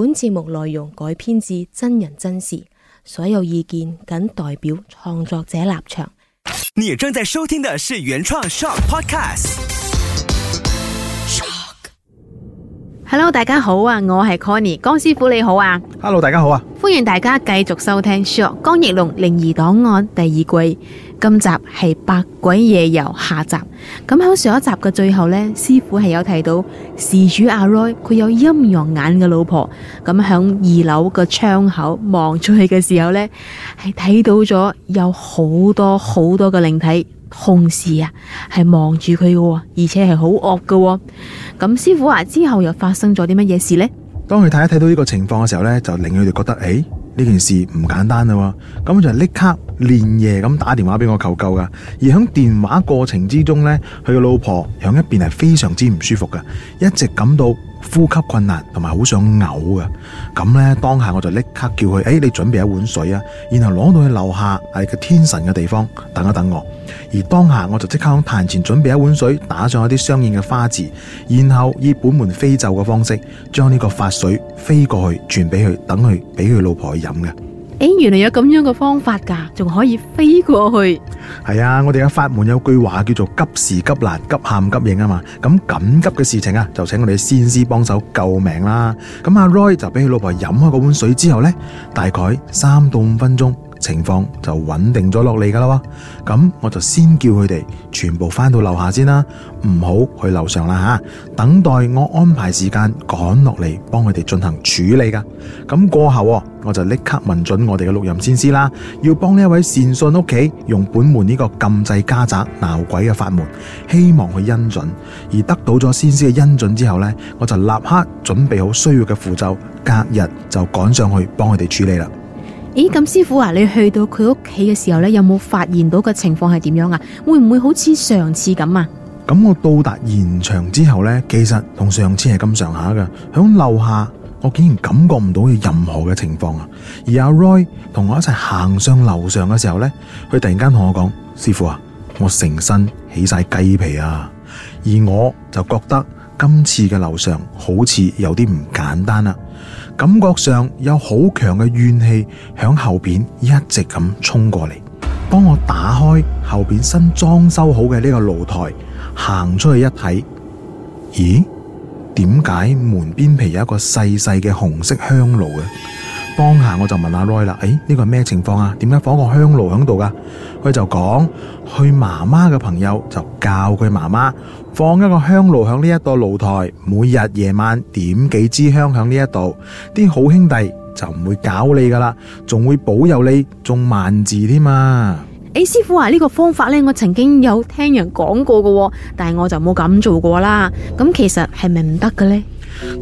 本節目內容改編自真人真事，所有意見僅代表創作者立場。你正在收聽的是原創 Shop Podcast。Hello，大家好啊，我係 Conny，江師傅你好啊。Hello，大家好啊，歡迎大家繼續收聽《Shark 江奕龍靈異檔案》第二季，今集係《百鬼夜遊》下集。咁喺上一集嘅最後呢，師傅係有提到事主阿 Roy 佢有陰陽眼嘅老婆，咁喺二樓個窗口望出去嘅時候呢，係睇到咗有好多好多嘅靈體。同時啊，係望住佢嘅，而且係好惡嘅。咁師傅話之後又發生咗啲乜嘢事呢？當佢睇一睇到呢個情況嘅時候呢，就令佢哋覺得，誒、欸，呢件事唔簡單啦。咁就立刻連夜咁打電話俾我求救噶。而響電話過程之中呢，佢嘅老婆響一邊係非常之唔舒服嘅，一直感到。呼吸困難同埋好想嘔啊！咁呢，當下我就立刻叫佢：誒、哎，你準備一碗水啊！然後攞到去樓下係個天神嘅地方等一等我。而當下我就即刻向壇前準備一碗水，打上一啲相應嘅花字，然後以本門飛咒嘅方式，將呢個法水飛過去，傳俾佢，等佢俾佢老婆去飲嘅。誒，原來有咁樣嘅方法噶，仲可以飛過去。係啊，我哋嘅法門有句話叫做急時急難急喊急應啊嘛，咁緊急嘅事情啊，就請我哋先師幫手救命啦。咁阿 Roy 就俾佢老婆飲開個碗水之後呢，大概三到五分鐘。情況就穩定咗落嚟噶啦，咁我就先叫佢哋全部翻到樓下先啦，唔好去樓上啦吓，等待我安排時間趕落嚟幫佢哋進行處理噶。咁過後，我就立刻問准我哋嘅錄音先師啦，要幫呢位善信屋企用本門呢個禁制家宅鬧鬼嘅法門，希望佢恩准。而得到咗先師嘅恩准之後呢，我就立刻準備好需要嘅符咒，隔日就趕上去幫佢哋處理啦。咦，咁師傅啊，你去到佢屋企嘅時候呢，有冇發現到個情況係點樣啊？會唔會好似上次咁啊？咁我到達現場之後呢，其實同上次係咁上下噶。響樓下，我竟然感覺唔到有任何嘅情況啊。而阿 Roy 同我一齊行上樓上嘅時候呢，佢突然間同我講：師傅啊，我成身起晒雞皮啊！而我就覺得今次嘅樓上好似有啲唔簡單啦。感覺上有好強嘅怨氣響後邊一直咁衝過嚟，幫我打開後邊新裝修好嘅呢個露台，行出去一睇，咦？點解門邊皮有一個細細嘅紅色香爐嘅？當下我就問阿 Roy 啦，誒呢個係咩情況啊？點解放個香爐喺度噶？佢就講，佢媽媽嘅朋友就教佢媽媽放一個香爐喺呢一個露台，每日夜晚點幾支香響呢一度，啲好兄弟就唔會搞你噶啦，仲會保佑你中萬字添啊！誒，師傅話呢個方法呢，我曾經有聽人講過嘅，但係我就冇咁做過啦。咁其實係咪唔得嘅呢？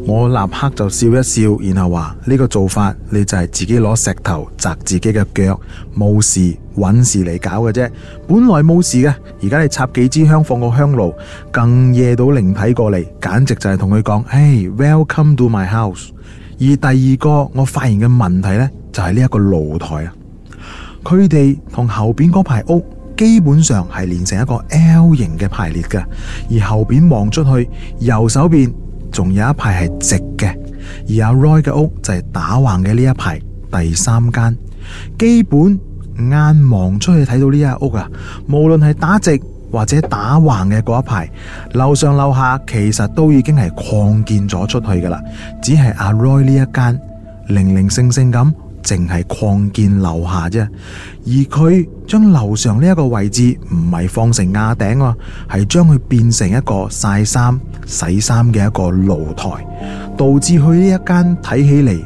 我立刻就笑一笑，然後話，呢個做法你就係自己攞石頭砸自己嘅腳，冇事揾事嚟搞嘅啫。本來冇事嘅，而家你插幾支香，放個香爐，更夜到靈體過嚟，簡直就係同佢講，Hey, Welcome to my house。而第二個我發現嘅問題呢，就係呢一個露台啊，佢哋同後邊嗰排屋基本上係連成一個 L 型嘅排列嘅，而後邊望出去，右手邊。仲有一排係直嘅，而阿 Roy 嘅屋就係打橫嘅呢一排第三間，基本眼望出去睇到呢一屋啊，無論係打直或者打橫嘅嗰一排，樓上樓下其實都已經係擴建咗出去噶啦，只係阿 Roy 呢一間零零星星咁，凌凌盛盛盛淨係擴建樓下啫，而佢將樓上呢一個位置唔係放成瓦頂啊，係將佢變成一個曬衫、洗衫嘅一個露台，導致佢呢一間睇起嚟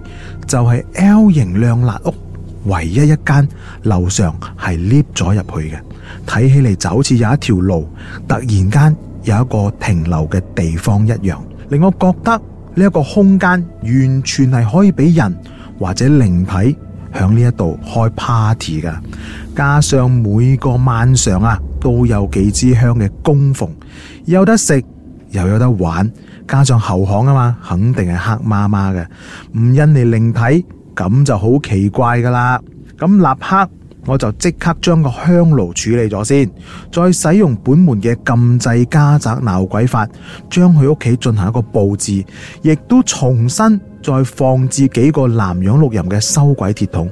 就係 L 型兩辣屋唯一一間樓上係 lift 咗入去嘅，睇起嚟就好似有一條路突然間有一個停留嘅地方一樣，令我覺得呢一個空間完全係可以俾人。或者靈體響呢一度開 party 噶加上每個晚上啊都有幾支香嘅供奉，有得食又有得玩，加上後巷啊嘛，肯定係黑麻麻嘅。唔引你靈體咁就好奇怪噶啦。咁立刻我就即刻將個香爐處理咗先，再使用本門嘅禁制家宅鬧鬼法，將佢屋企進行一個佈置，亦都重新，再放置幾個南洋六壬嘅收鬼鐵桶。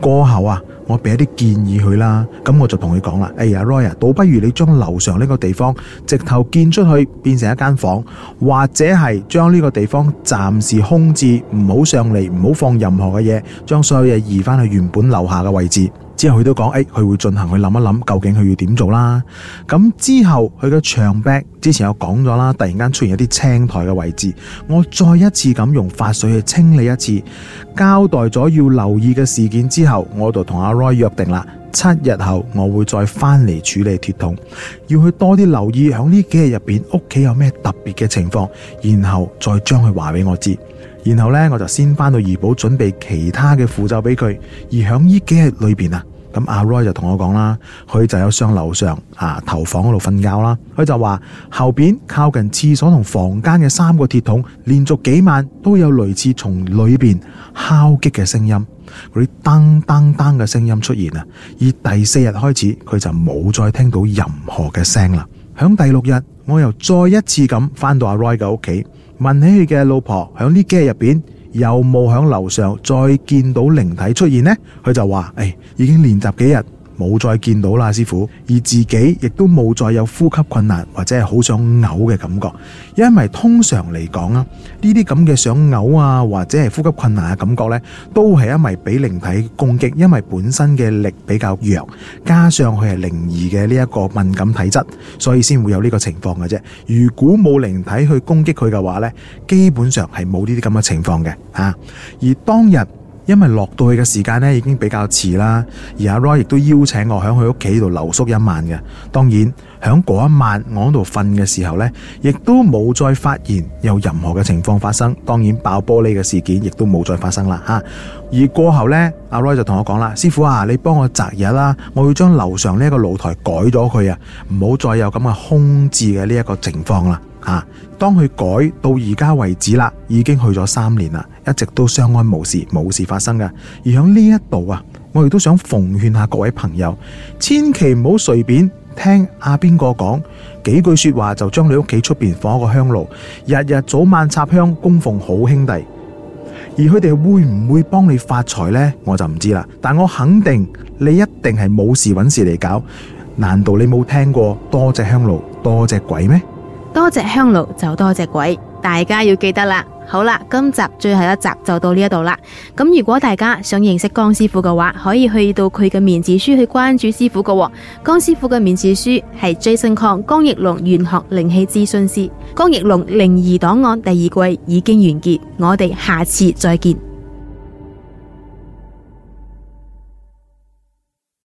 過後啊，我俾一啲建議佢啦。咁我就同佢講啦，哎呀，Roy 啊，倒不如你將樓上呢個地方直頭建出去，變成一間房，或者係將呢個地方暫時空置，唔好上嚟，唔好放任何嘅嘢，將所有嘢移翻去原本樓下嘅位置。之後佢都講，誒，佢會進行去諗一諗，究竟佢要點做啦。咁之後佢嘅牆壁之前有講咗啦，突然間出現一啲青苔嘅位置，我再一次咁用法水去清理一次，交代咗要留意嘅事件之後，我就同阿 Roy 約定啦，七日後我會再翻嚟處理鐵桶，要去多啲留意響呢幾日入邊屋企有咩特別嘅情況，然後再將佢話俾我知。然後呢，我就先翻到怡寶準備其他嘅符咒俾佢，而響呢幾日裏邊啊。咁阿 Roy 就同我講啦，佢就有上樓上啊，頭房嗰度瞓覺啦。佢就話後邊靠近廁所同房間嘅三個鐵桶，連續幾晚都有類似從裏邊敲擊嘅聲音，嗰啲噔噔噔嘅聲音出現啊。而第四日開始，佢就冇再聽到任何嘅聲啦。響第六日，我又再一次咁翻到阿 Roy 嘅屋企，問起佢嘅老婆，響呢幾日入邊，有冇響樓上再見到靈體出現呢？佢就話，誒，哎，已經練習幾日。冇再見到啦，師傅，而自己亦都冇再有呼吸困難或者係好想嘔嘅感覺，因為通常嚟講啊，呢啲咁嘅想嘔啊或者係呼吸困難嘅感覺呢，都係因為俾靈體攻擊，因為本身嘅力比較弱，加上佢係靈異嘅呢一個敏感體質，所以先會有呢個情況嘅啫。如果冇靈體去攻擊佢嘅話呢，基本上係冇呢啲咁嘅情況嘅啊。而當日。因為落到去嘅時間咧已經比較遲啦，而阿 Roy 亦都邀請我響佢屋企度留宿一晚嘅。當然響嗰一晚我喺度瞓嘅時候呢，亦都冇再發現有任何嘅情況發生。當然爆玻璃嘅事件亦都冇再發生啦吓、啊。而過後呢，阿 Roy 就同我講啦：師傅啊，你幫我擇日啦，我要將樓上呢個露台改咗佢啊，唔好再有咁嘅空置嘅呢一個情況啦。啊！當佢改到而家為止啦，已經去咗三年啦，一直都相安無事，冇事發生㗎。而喺呢一度啊，我亦都想奉勸下各位朋友，千祈唔好隨便聽阿邊個講幾句說話就將你屋企出邊放一個香爐，日日早晚插香供奉好兄弟。而佢哋會唔會幫你發財呢？我就唔知啦。但我肯定你一定係冇事揾事嚟搞。難道你冇聽過多隻香爐多隻鬼咩？多隻香爐就多隻鬼，大家要記得啦。好啦，今集最後一集就到呢一度啦。咁如果大家想認識江師傅嘅話，可以去到佢嘅面子書去關注師傅嘅。江師傅嘅面子書係 Jason Kong，江奕龍玄學靈氣諮詢師。江奕龍靈異檔案第二季已經完結，我哋下次再見。